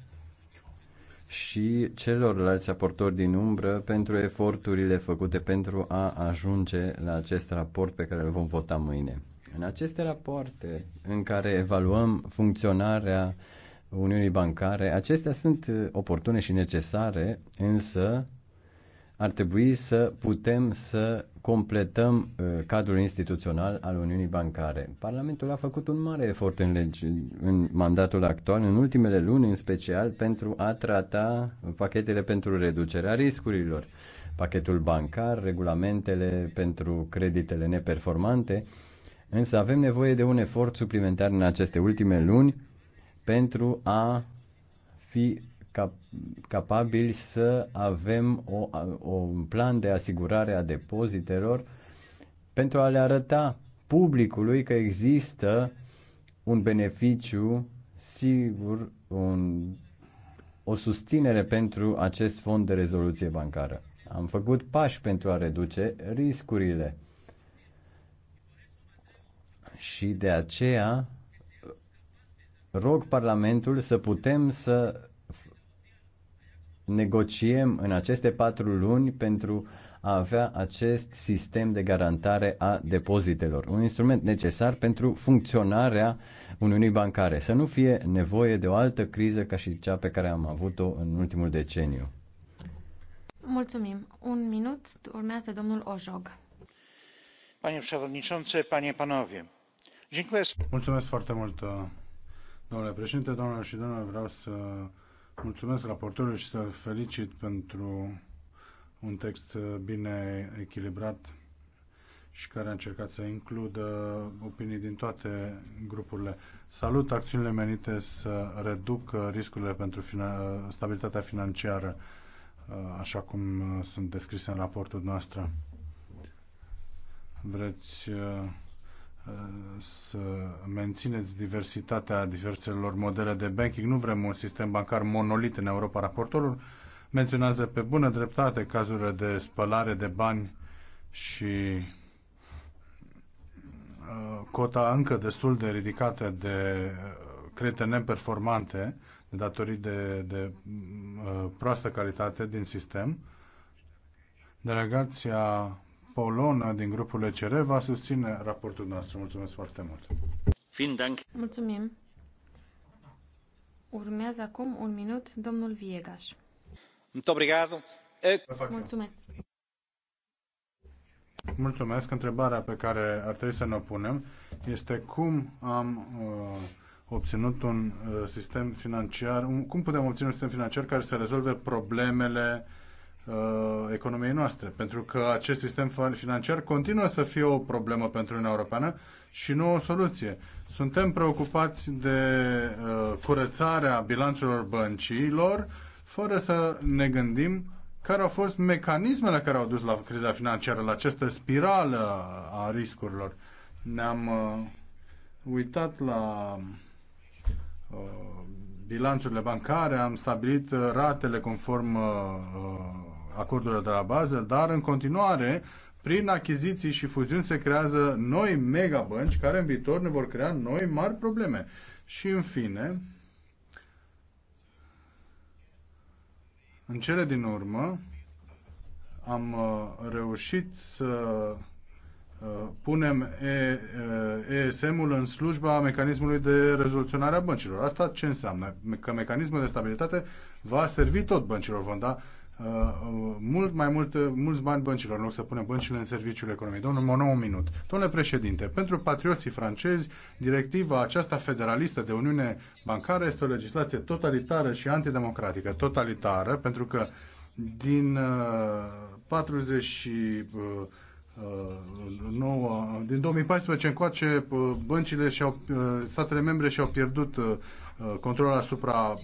și celorlalți raportori din umbră pentru eforturile făcute pentru a ajunge la acest raport pe care îl vom vota mâine. În aceste rapoarte în care evaluăm funcționarea uh, Uniunii Bancare, acestea sunt uh, oportune și necesare, însă ar trebui să putem să completăm uh, cadrul instituțional al Uniunii Bancare. Parlamentul a făcut un mare efort în, legi, în mandatul actual, în ultimele luni în special, pentru a trata pachetele pentru reducerea riscurilor, pachetul bancar, regulamentele pentru creditele neperformante, însă avem nevoie de un efort suplimentar în aceste ultime luni pentru a fi capabili să avem o, o, un plan de asigurare a depozitelor pentru a le arăta publicului că există un beneficiu sigur, un, o susținere pentru acest fond de rezoluție bancară. Am făcut pași pentru a reduce riscurile. Și de aceea rog Parlamentul să putem să negociem în aceste patru luni pentru a avea acest sistem de garantare a depozitelor, un instrument necesar pentru funcționarea Uniunii Bancare, să nu fie nevoie de o altă criză ca și cea pe care am avut-o în ultimul deceniu. Mulțumim. Un minut urmează domnul Ojog. Panie președinte, panie panowie. Mulțumesc foarte mult, Domnule președinte, doamnelor și domnilor, vreau să mulțumesc raportorului și să-l felicit pentru un text bine echilibrat și care a încercat să includă opinii din toate grupurile. Salut acțiunile menite să reducă riscurile pentru fina- stabilitatea financiară, așa cum sunt descrise în raportul noastră. Vreți să mențineți diversitatea diverselor modele de banking. Nu vrem un sistem bancar monolit în Europa. Raportorul menționează pe bună dreptate cazurile de spălare de bani și uh, cota încă destul de ridicată de uh, credite neperformante, de datorii de, de uh, proastă calitate din sistem. Delegația Polona din grupul ECR va susține raportul nostru. Mulțumesc foarte mult! Mulțumim! Urmează acum un minut domnul Viegas. Mulțumesc! Mulțumesc. Întrebarea pe care ar trebui să ne punem este cum am uh, obținut un uh, sistem financiar, un, cum putem obține un sistem financiar care să rezolve problemele uh, Uh, economiei noastre, pentru că acest sistem financiar continuă să fie o problemă pentru Uniunea Europeană și nu o soluție. Suntem preocupați de uh, curățarea bilanțurilor băncilor, fără să ne gândim care au fost mecanismele care au dus la criza financiară, la această spirală a riscurilor. Ne-am uh, uitat la bilanțurile bancare, am stabilit ratele conform acordurile de la bază, dar în continuare, prin achiziții și fuziuni se creează noi megabănci care în viitor ne vor crea noi mari probleme. Și în fine, în cele din urmă, am uh, reușit să uh, punem ESM-ul uh, în slujba mecanismului de rezoluționare a băncilor. Asta ce înseamnă? Că mecanismul de stabilitate va servi tot băncilor, vom da Uh, mult mai mult, uh, mulți bani băncilor, în loc să punem băncile în serviciul economiei. Domnul Mono, un minut. Domnule președinte, pentru patrioții francezi, directiva aceasta federalistă de Uniune Bancară este o legislație totalitară și antidemocratică. Totalitară, pentru că din 40 uh, 9, din 2014 încoace băncile și-au, statele membre și-au pierdut Uh, controlul asupra uh,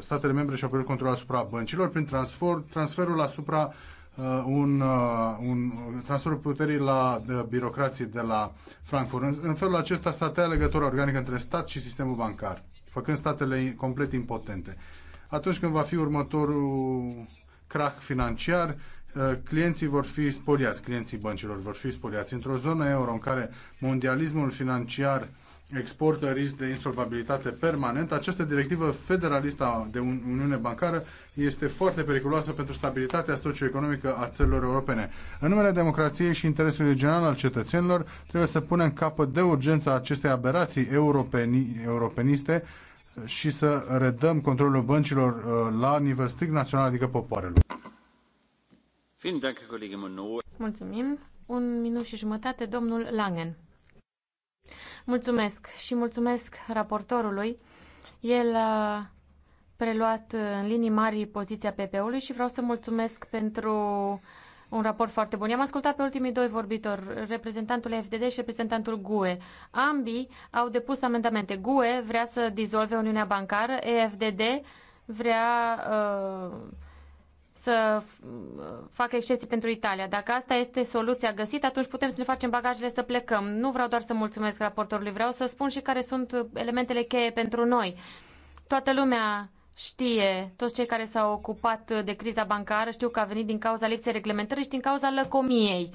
statele membre și apoi controlul asupra băncilor prin transfer, transferul asupra uh, un, un transferul puterii la de, birocrații de la Frankfurt. În, în felul acesta s-a tăiat legătura organică între stat și sistemul bancar, făcând statele complet impotente. Atunci când va fi următorul crack financiar, clienții vor fi spoliați, clienții băncilor vor fi spoliați. Într-o zonă euro în care mondialismul financiar exportă risc de insolvabilitate permanent. Această directivă federalistă de Uniune Bancară este foarte periculoasă pentru stabilitatea socioeconomică a țărilor europene. În numele democrației și interesului general al cetățenilor, trebuie să punem capăt de urgență acestei aberații europeni, europeniste și să redăm controlul băncilor uh, la nivel strict național, adică popoarelor. Mulțumim. Un minut și jumătate, domnul Langen Mulțumesc și mulțumesc raportorului. El a preluat în linii mari poziția PP-ului și vreau să mulțumesc pentru un raport foarte bun. I-am ascultat pe ultimii doi vorbitori, reprezentantul FDD și reprezentantul GUE. Ambii au depus amendamente. GUE vrea să dizolve Uniunea Bancară, EFDD vrea uh, să uh, facă excepții pentru Italia. Dacă asta este soluția găsită, atunci putem să ne facem bagajele să plecăm. Nu vreau doar să mulțumesc raportorului, vreau să spun și care sunt elementele cheie pentru noi. Toată lumea știe, toți cei care s-au ocupat de criza bancară știu că a venit din cauza lipsei reglementării și din cauza lăcomiei.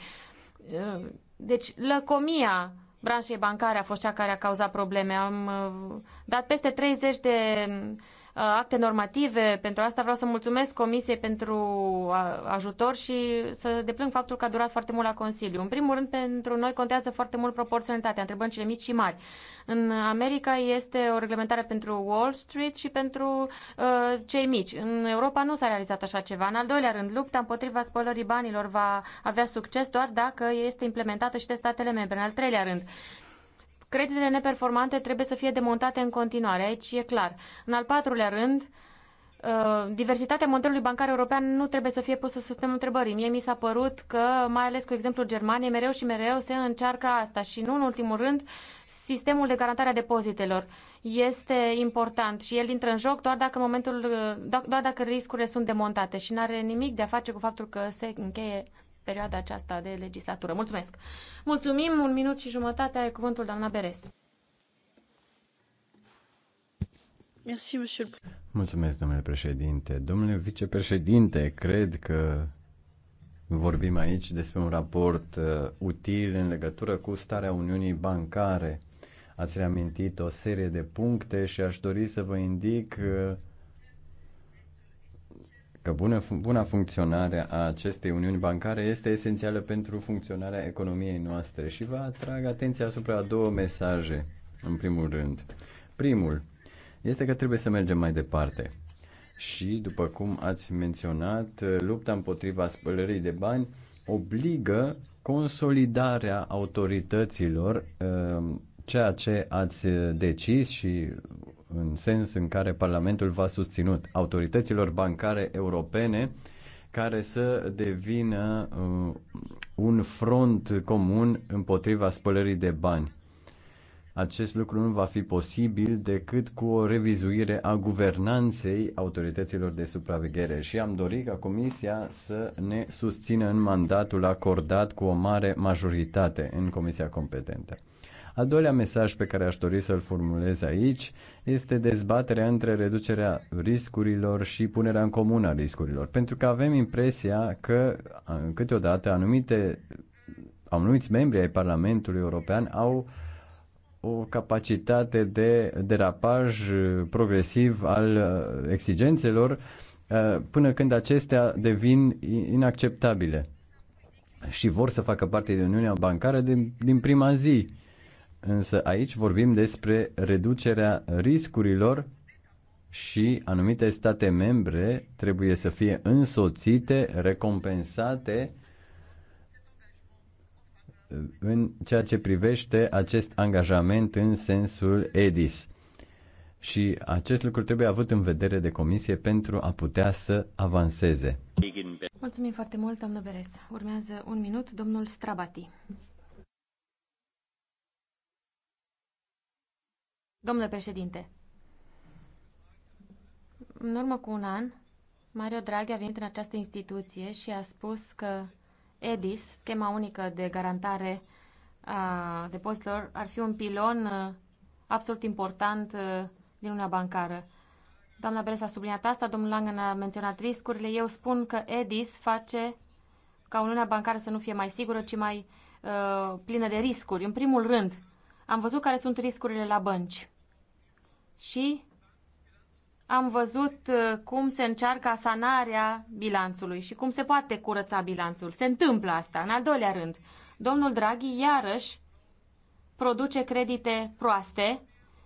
Uh, deci lăcomia branșei bancare a fost cea care a cauzat probleme. Am uh, dat peste 30 de Uh, acte normative. Pentru asta vreau să mulțumesc Comisiei pentru uh, ajutor și să deplâng faptul că a durat foarte mult la Consiliu. În primul rând, pentru noi contează foarte mult proporționalitatea între băncile mici și mari. În America este o reglementare pentru Wall Street și pentru uh, cei mici. În Europa nu s-a realizat așa ceva. În al doilea rând, lupta împotriva spălării banilor va avea succes doar dacă este implementată și de statele membre. În al treilea rând, uh, Creditele neperformante trebuie să fie demontate în continuare, aici e clar. În al patrulea rând, uh, diversitatea modelului bancar european nu trebuie să fie pusă sub semnul întrebării. Mie mi s-a părut că, mai ales cu exemplul Germaniei, mereu și mereu se încearcă asta și nu în ultimul rând sistemul de garantare a depozitelor este important și el intră în joc doar dacă, momentul, uh, doar dacă riscurile sunt demontate și nu are nimic de a face cu faptul că se încheie perioada aceasta de legislatură. Mulțumesc! Mulțumim! Un minut și jumătate are cuvântul doamna Beres. Mulțumesc, domnule președinte. Domnule vicepreședinte, cred că vorbim aici despre un raport uh, util în legătură cu starea Uniunii Bancare. Ați reamintit o serie de puncte și aș dori să vă indic uh, că bună, buna funcționare a acestei uniuni bancare este esențială pentru funcționarea economiei noastre și vă atrag atenția asupra a două mesaje, în primul rând. Primul este că trebuie să mergem mai departe. Și, după cum ați menționat, lupta împotriva spălării de bani obligă consolidarea autorităților, uh, ceea ce ați decis și în sens în care Parlamentul v-a susținut, autorităților bancare europene care să devină uh, un front comun împotriva spălării de bani. Acest lucru nu va fi posibil decât cu o revizuire a guvernanței autorităților de supraveghere și am dorit ca Comisia să ne susțină în mandatul acordat cu o mare majoritate în Comisia competentă. Al doilea mesaj pe care aș dori să-l formulez aici este dezbaterea între reducerea riscurilor și punerea în comun a riscurilor. Pentru că avem impresia că câteodată anumite, anumiți membri ai Parlamentului European au o capacitate de derapaj progresiv al exigențelor până când acestea devin inacceptabile și vor să facă parte din Uniunea Bancară din, din prima zi. Însă aici vorbim despre reducerea riscurilor și anumite state membre trebuie să fie însoțite, recompensate în ceea ce privește acest angajament în sensul EDIS. Și acest lucru trebuie avut în vedere de comisie pentru a putea să avanseze. Mulțumim foarte mult, doamnă Beres. Urmează un minut, domnul Strabati. Domnule președinte, în urmă cu un an, Mario Draghi a venit în această instituție și a spus că EDIS, schema unică de garantare a depozitelor, ar fi un pilon uh, absolut important uh, din una bancară. Doamna Beres a subliniat asta, domnul Langen a menționat riscurile. Eu spun că EDIS face ca Uniunea Bancară să nu fie mai sigură, ci mai uh, plină de riscuri. În primul rând, am văzut care sunt riscurile la bănci și am văzut uh, cum se încearcă sanarea bilanțului și cum se poate curăța bilanțul. Se întâmplă asta. În al doilea rând, domnul Draghi iarăși produce credite proaste,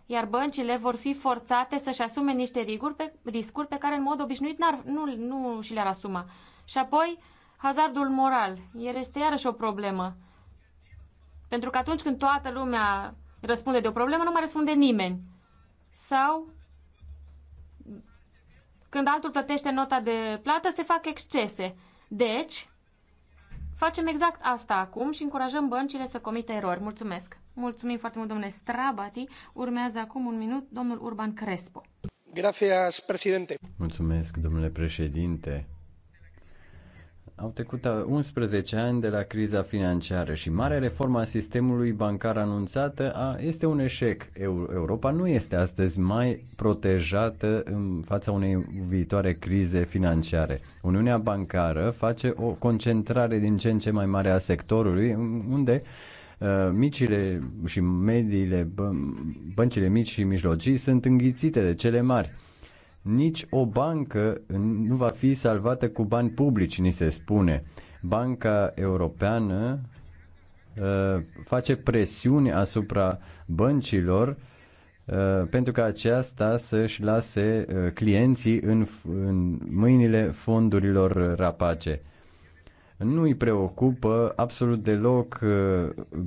iar băncile vor fi forțate să-și asume niște riguri pe, riscuri pe care în mod obișnuit n-ar, nu, nu și le-ar asuma. Și apoi, hazardul moral. El este iarăși o problemă. Pentru că atunci când toată lumea răspunde de o problemă, nu mai răspunde nimeni. Sau când altul plătește nota de plată, se fac excese. Deci, facem exact asta acum și încurajăm băncile să comită erori. Mulțumesc! Mulțumim foarte mult, domnule Strabati. Urmează acum un minut domnul Urban Crespo. Gracias, președinte. Mulțumesc, domnule președinte. Au trecut 11 ani de la criza financiară și marea reformă a sistemului bancar anunțată a, este un eșec. Europa nu este astăzi mai protejată în fața unei viitoare crize financiare. Uniunea bancară face o concentrare din ce în ce mai mare a sectorului, unde uh, micile și mediile, băncile mici și mijlocii sunt înghițite de cele mari nici o bancă nu va fi salvată cu bani publici, ni se spune. Banca Europeană ă, face presiuni asupra băncilor ă, pentru ca aceasta să-și lase ă, clienții în, în mâinile fondurilor rapace. Nu îi preocupă absolut deloc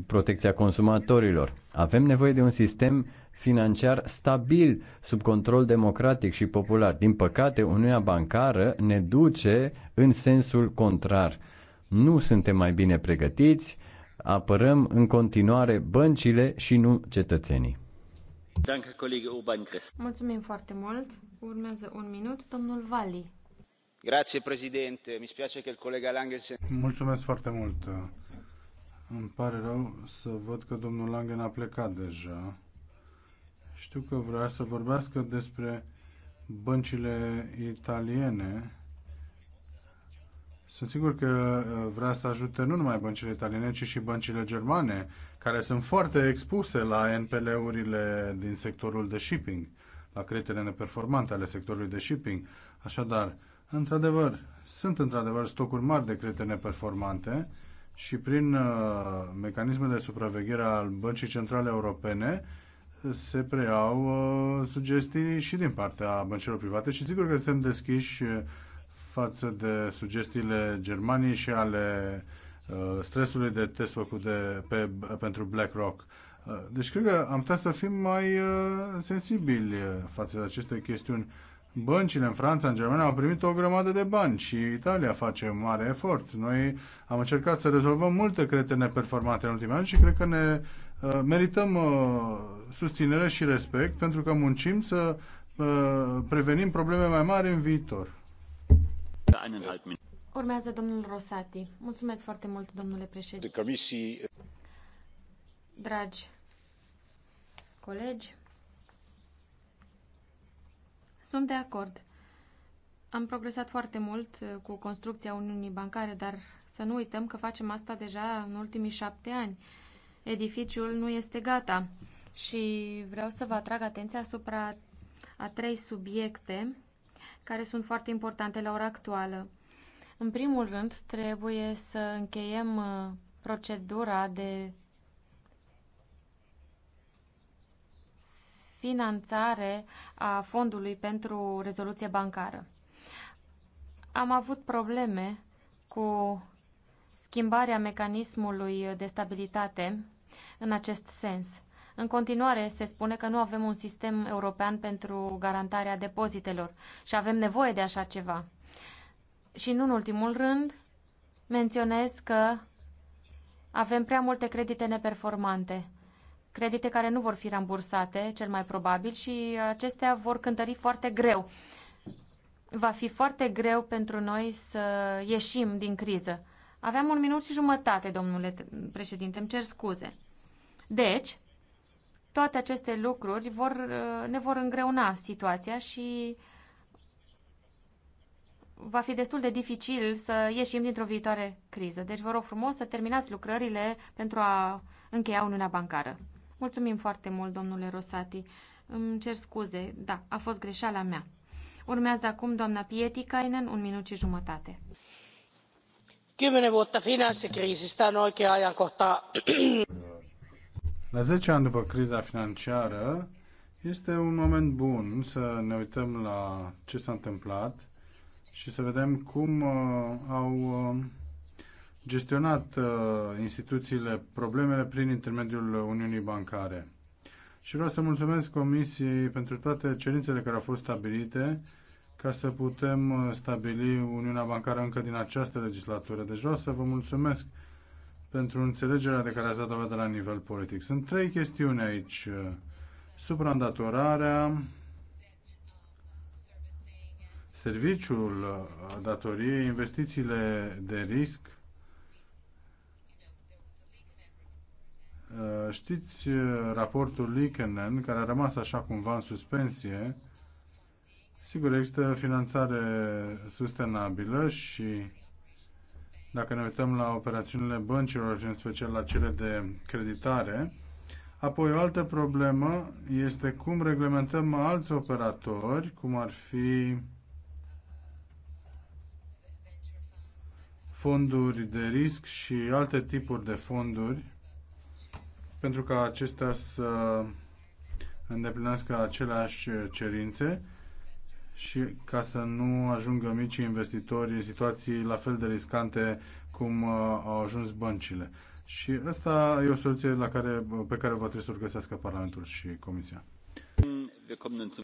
protecția consumatorilor. Avem nevoie de un sistem financiar stabil, sub control democratic și popular. Din păcate, Uniunea Bancară ne duce în sensul contrar. Nu suntem mai bine pregătiți, apărăm în continuare băncile și nu cetățenii. Mulțumim foarte mult. Urmează un minut, domnul Vali. Grazie, președinte. Mi spiace că colega Lange se... Mulțumesc foarte mult. Îmi pare rău să văd că domnul Langen a plecat deja. Știu că vrea să vorbească despre băncile italiene. Sunt sigur că uh, vrea să ajute nu numai băncile italiene, ci și băncile germane, care sunt foarte expuse la NPL-urile din sectorul de shipping, la creditele neperformante ale sectorului de shipping. Așadar, într-adevăr, sunt într-adevăr stocuri mari de credite neperformante și prin uh, mecanisme de supraveghere al Băncii Centrale Europene, uh, se preiau uh, sugestii și din partea băncilor private și sigur că suntem deschiși față de sugestiile Germaniei și ale uh, stresului de test făcut de, pe, pentru BlackRock. Uh, deci cred că am putea să fim mai uh, sensibili față de aceste chestiuni. Băncile în Franța, în Germania au primit o grămadă de bani și Italia face un mare efort. Noi am încercat să rezolvăm multe crete neperformate în ultimii ani și cred că ne uh, merităm uh, susținere și respect pentru că muncim să uh, prevenim probleme mai mari în viitor. Urmează domnul Rosati. Mulțumesc foarte mult, domnule președinte. Comisii... Dragi colegi, sunt de acord. Am progresat foarte mult uh, cu construcția Uniunii Bancare, dar să nu uităm că facem asta deja în ultimii șapte ani. Edificiul nu este gata și vreau să vă atrag atenția asupra a trei subiecte care sunt foarte importante la ora actuală. În primul rând, trebuie să încheiem uh, procedura de finanțare a fondului pentru rezoluție bancară. Am avut probleme cu schimbarea mecanismului de stabilitate în acest sens. În continuare, se spune că nu avem un sistem european pentru garantarea depozitelor și avem nevoie de așa ceva. Și nu în ultimul rând, menționez că avem prea multe credite neperformante, credite care nu vor fi rambursate, cel mai probabil, și acestea vor cântări foarte greu. Va fi foarte greu pentru noi să ieșim din criză. Aveam un minut și jumătate, domnule președinte, îmi cer scuze. Deci, toate aceste lucruri vor, uh, ne vor îngreuna situația și va fi destul de dificil să ieșim dintr-o viitoare criză. Deci vă rog frumos să terminați lucrările pentru a încheia Uniunea Bancară. Mulțumim foarte mult, domnule Rosati. Îmi cer scuze, da, a fost greșeala mea. Urmează acum doamna Kainen, un minut și jumătate. Kymmenen vuotta finanssikriisistä on oikea ajankohta la 10 ani după criza financiară, este un moment bun să ne uităm la ce s-a întâmplat și să vedem cum uh, au uh, gestionat uh, instituțiile problemele prin intermediul Uniunii Bancare. Și vreau să mulțumesc Comisiei pentru toate cerințele care au fost stabilite ca să putem uh, stabili Uniunea Bancară încă din această legislatură. Deci vreau să vă mulțumesc pentru înțelegerea de care ați dat dovadă la nivel politic. Sunt trei chestiuni aici. Suprandatorarea, serviciul uh, datoriei, investițiile de risc. Uh, știți uh, raportul Likenen, care a rămas așa cumva în suspensie. Sigur, există finanțare sustenabilă și dacă ne uităm la operațiunile băncilor și în special la cele de creditare. Apoi o altă problemă este cum reglementăm alți operatori, cum ar fi fonduri de risc și alte tipuri de fonduri, pentru ca acestea să îndeplinească aceleași cerințe și ca să nu ajungă micii investitori în situații la fel de riscante cum uh, au ajuns băncile. Și asta e o soluție la care, pe care va trebui să o găsească Parlamentul și Comisia.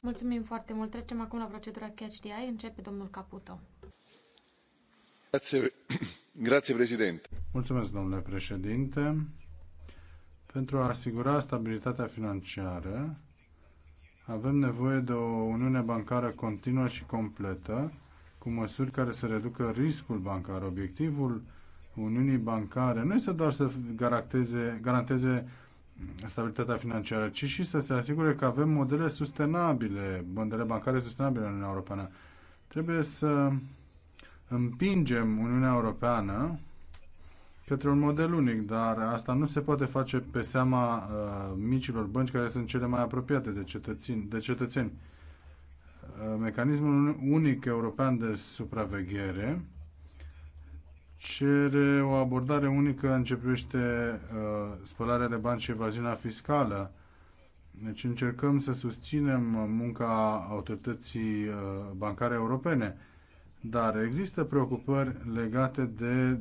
Mulțumim foarte mult. Trecem acum la procedura Catch the Eye. Începe domnul Caputo. Grazie, <coughs> grazie președinte. Mulțumesc, domnule președinte. Pentru a asigura stabilitatea financiară, avem nevoie de o uniune bancară continuă și completă, cu măsuri care să reducă riscul bancar. Obiectivul Uniunii Bancare nu este doar să garanteze, garanteze stabilitatea financiară, ci și să se asigure că avem modele sustenabile, modele bancare sustenabile în Uniunea Europeană. Trebuie să împingem Uniunea Europeană către un model unic, dar asta nu se poate face pe seama uh, micilor bănci care sunt cele mai apropiate de cetățeni. De cetățeni. Uh, mecanismul unic european de supraveghere cere o abordare unică în ce privește uh, spălarea de bani și evaziunea fiscală. Deci încercăm să susținem munca autorității uh, bancare europene, dar există preocupări legate de